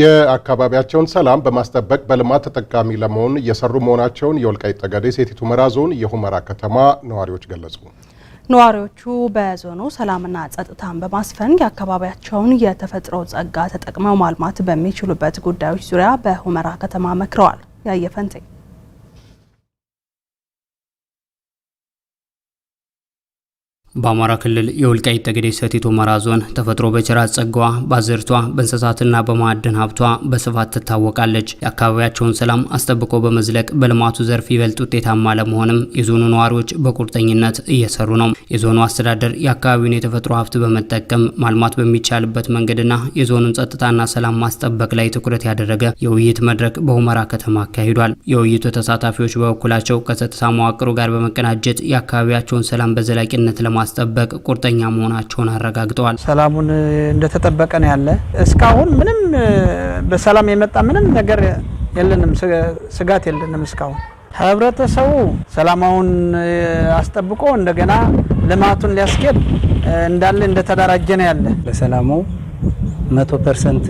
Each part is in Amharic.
የአካባቢያቸውን ሰላም በማስጠበቅ በልማት ተጠቃሚ ለመሆን እየሰሩ መሆናቸውን የወልቃይት ጠገዴ ሰቲት ሁመራ ዞን የሁመራ ከተማ ነዋሪዎች ገለጹ። ነዋሪዎቹ በዞኑ ሰላምና ጸጥታን በማስፈን የአካባቢያቸውን የተፈጥሮ ጸጋ ተጠቅመው ማልማት በሚችሉበት ጉዳዮች ዙሪያ በሁመራ ከተማ መክረዋል። ያየፈንቴ በአማራ ክልል የወልቃይት ጠገዴ ሰቲት ሁመራ ዞን ተፈጥሮ በቸራ ጸጋዋ በአዝርቷ በእንስሳትና በማዕድን ሀብቷ በስፋት ትታወቃለች። የአካባቢያቸውን ሰላም አስጠብቆ በመዝለቅ በልማቱ ዘርፍ ይበልጥ ውጤታማ ለመሆንም የዞኑ ነዋሪዎች በቁርጠኝነት እየሰሩ ነው። የዞኑ አስተዳደር የአካባቢውን የተፈጥሮ ሀብት በመጠቀም ማልማት በሚቻልበት መንገድና የዞኑን ጸጥታና ሰላም ማስጠበቅ ላይ ትኩረት ያደረገ የውይይት መድረክ በሁመራ ከተማ አካሂዷል። የውይይቱ ተሳታፊዎች በበኩላቸው ከጸጥታ መዋቅሩ ጋር በመቀናጀት የአካባቢያቸውን ሰላም በዘላቂነት ለማ ለማስጠበቅ ቁርጠኛ መሆናቸውን አረጋግጠዋል። ሰላሙን እንደተጠበቀ ነው ያለ። እስካሁን ምንም በሰላም የመጣ ምንም ነገር የለንም፣ ስጋት የለንም። እስካሁን ህብረተሰቡ ሰላማውን አስጠብቆ እንደገና ልማቱን ሊያስኬድ እንዳለ እንደተደራጀ ነው ያለ። ለሰላሙ መቶ ፐርሰንት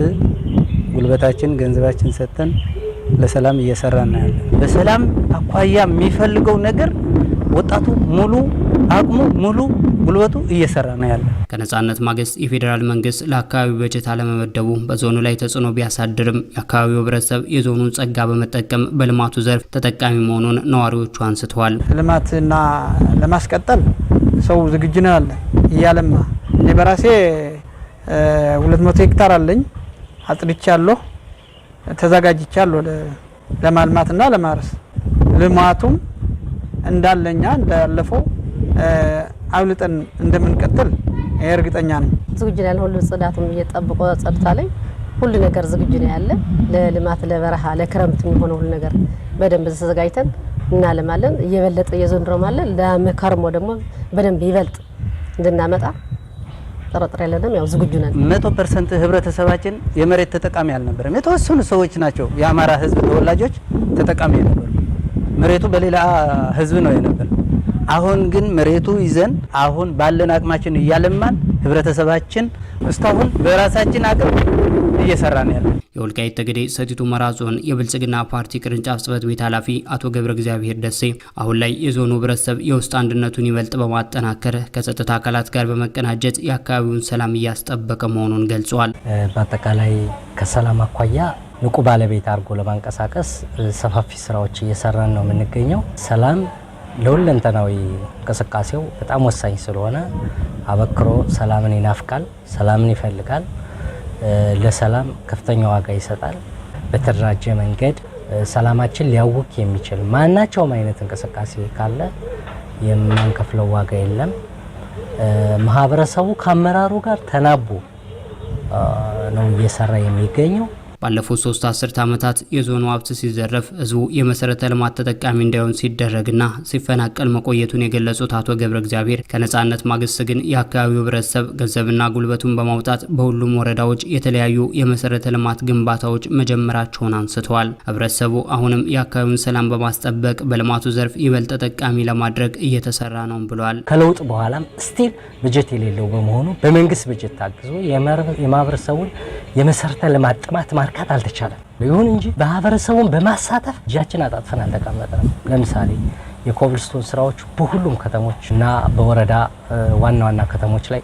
ጉልበታችን ገንዘባችን ሰጥተን ለሰላም እየሰራ ነው ያለ። በሰላም አኳያ የሚፈልገው ነገር ወጣቱ ሙሉ አቅሙ ሙሉ ጉልበቱ እየሰራ ነው ያለ። ከነጻነት ማግስት የፌዴራል መንግስት ለአካባቢው በጀት አለመመደቡ በዞኑ ላይ ተጽዕኖ ቢያሳድርም የአካባቢው ህብረተሰብ የዞኑን ጸጋ በመጠቀም በልማቱ ዘርፍ ተጠቃሚ መሆኑን ነዋሪዎቹ አንስተዋል። ልማትና ለማስቀጠል ሰው ዝግጁ ነው ያለ እያለማ እኔ በራሴ ሁለት መቶ ሄክታር አለኝ አጽድቻለሁ፣ ተዘጋጅቻለሁ ለማልማትና ለማረስ ልማቱም እንዳለኛ እንዳለፈው አብልጠን እንደምንቀጥል እርግጠኛ ነኝ። ዝግጁ ነን። ሁሉ ጽዳቱም እየጠብቆ ጸጥታ ላይ ሁሉ ነገር ዝግጁ ነው ያለ ለልማት ለበረሃ ለክረምት የሚሆነ ሁሉ ነገር በደንብ ተዘጋጅተን እናለማለን። እየበለጠ እየዘንድሮም አለ ለመከርሞ ደግሞ በደንብ ይበልጥ እንድናመጣ ጥርጥር የለንም። ያው ዝግጁ ነን። መቶ ፐርሰንት ህብረተሰባችን የመሬት ተጠቃሚ አልነበረም። የተወሰኑ ሰዎች ናቸው የአማራ ህዝብ ተወላጆች ተጠቃሚ የነበሩ መሬቱ በሌላ ህዝብ ነው የነበር። አሁን ግን መሬቱ ይዘን አሁን ባለን አቅማችን እያለማን ህብረተሰባችን እስካሁን በራሳችን አቅም እየሰራ ነው ያለ። የወልቃይት ጠገዴ ሰቲት ሁመራ ዞን የብልጽግና ፓርቲ ቅርንጫፍ ጽህፈት ቤት ኃላፊ አቶ ገብረ እግዚአብሔር ደሴ አሁን ላይ የዞኑ ህብረተሰብ የውስጥ አንድነቱን ይበልጥ በማጠናከር ከጸጥታ አካላት ጋር በመቀናጀት የአካባቢውን ሰላም እያስጠበቀ መሆኑን ገልጿል። በአጠቃላይ ከሰላም አኳያ ንቁ ባለቤት አድርጎ ለማንቀሳቀስ ሰፋፊ ስራዎች እየሰራን ነው የምንገኘው። ሰላም ለሁለንተናዊ እንቅስቃሴው በጣም ወሳኝ ስለሆነ አበክሮ ሰላምን ይናፍቃል፣ ሰላምን ይፈልጋል፣ ለሰላም ከፍተኛ ዋጋ ይሰጣል። በተደራጀ መንገድ ሰላማችን ሊያውክ የሚችል ማናቸውም አይነት እንቅስቃሴ ካለ የማንከፍለው ዋጋ የለም። ማህበረሰቡ ከአመራሩ ጋር ተናቦ ነው እየሰራ የሚገኘው። ባለፉት ሶስት አስርት ዓመታት የዞኑ ሀብት ሲዘረፍ ህዝቡ የመሰረተ ልማት ተጠቃሚ እንዳይሆን ሲደረግና ሲፈናቀል መቆየቱን የገለጹት አቶ ገብረ እግዚአብሔር ከነጻነት ማግስት ግን የአካባቢው ህብረተሰብ ገንዘብና ጉልበቱን በማውጣት በሁሉም ወረዳዎች የተለያዩ የመሰረተ ልማት ግንባታዎች መጀመራቸውን አንስተዋል። ህብረተሰቡ አሁንም የአካባቢውን ሰላም በማስጠበቅ በልማቱ ዘርፍ ይበልጥ ተጠቃሚ ለማድረግ እየተሰራ ነው ብሏል። ከለውጥ በኋላም ስቲል በጀት የሌለው በመሆኑ በመንግስት በጀት ታግዞ የማህበረሰቡን የመሰረተ ልማት ጥማት ማርካት አልተቻለም። ይሁን እንጂ ማህበረሰቡን በማሳተፍ እጃችን አጣጥፈን አልተቀመጠም። ለምሳሌ የኮብልስቶን ስራዎች በሁሉም ከተሞች እና በወረዳ ዋና ዋና ከተሞች ላይ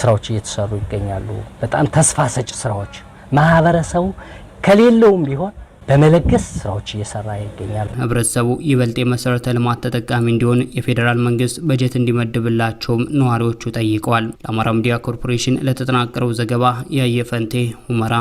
ስራዎች እየተሰሩ ይገኛሉ። በጣም ተስፋ ሰጭ ስራዎች ማህበረሰቡ ከሌለውም ቢሆን በመለገስ ስራዎች እየሰራ ይገኛል። ህብረተሰቡ ይበልጥ የመሰረተ ልማት ተጠቃሚ እንዲሆን የፌዴራል መንግስት በጀት እንዲመድብላቸውም ነዋሪዎቹ ጠይቀዋል። ለአማራ ሚዲያ ኮርፖሬሽን ለተጠናቀረው ዘገባ ያየፈንቴ ሁመራ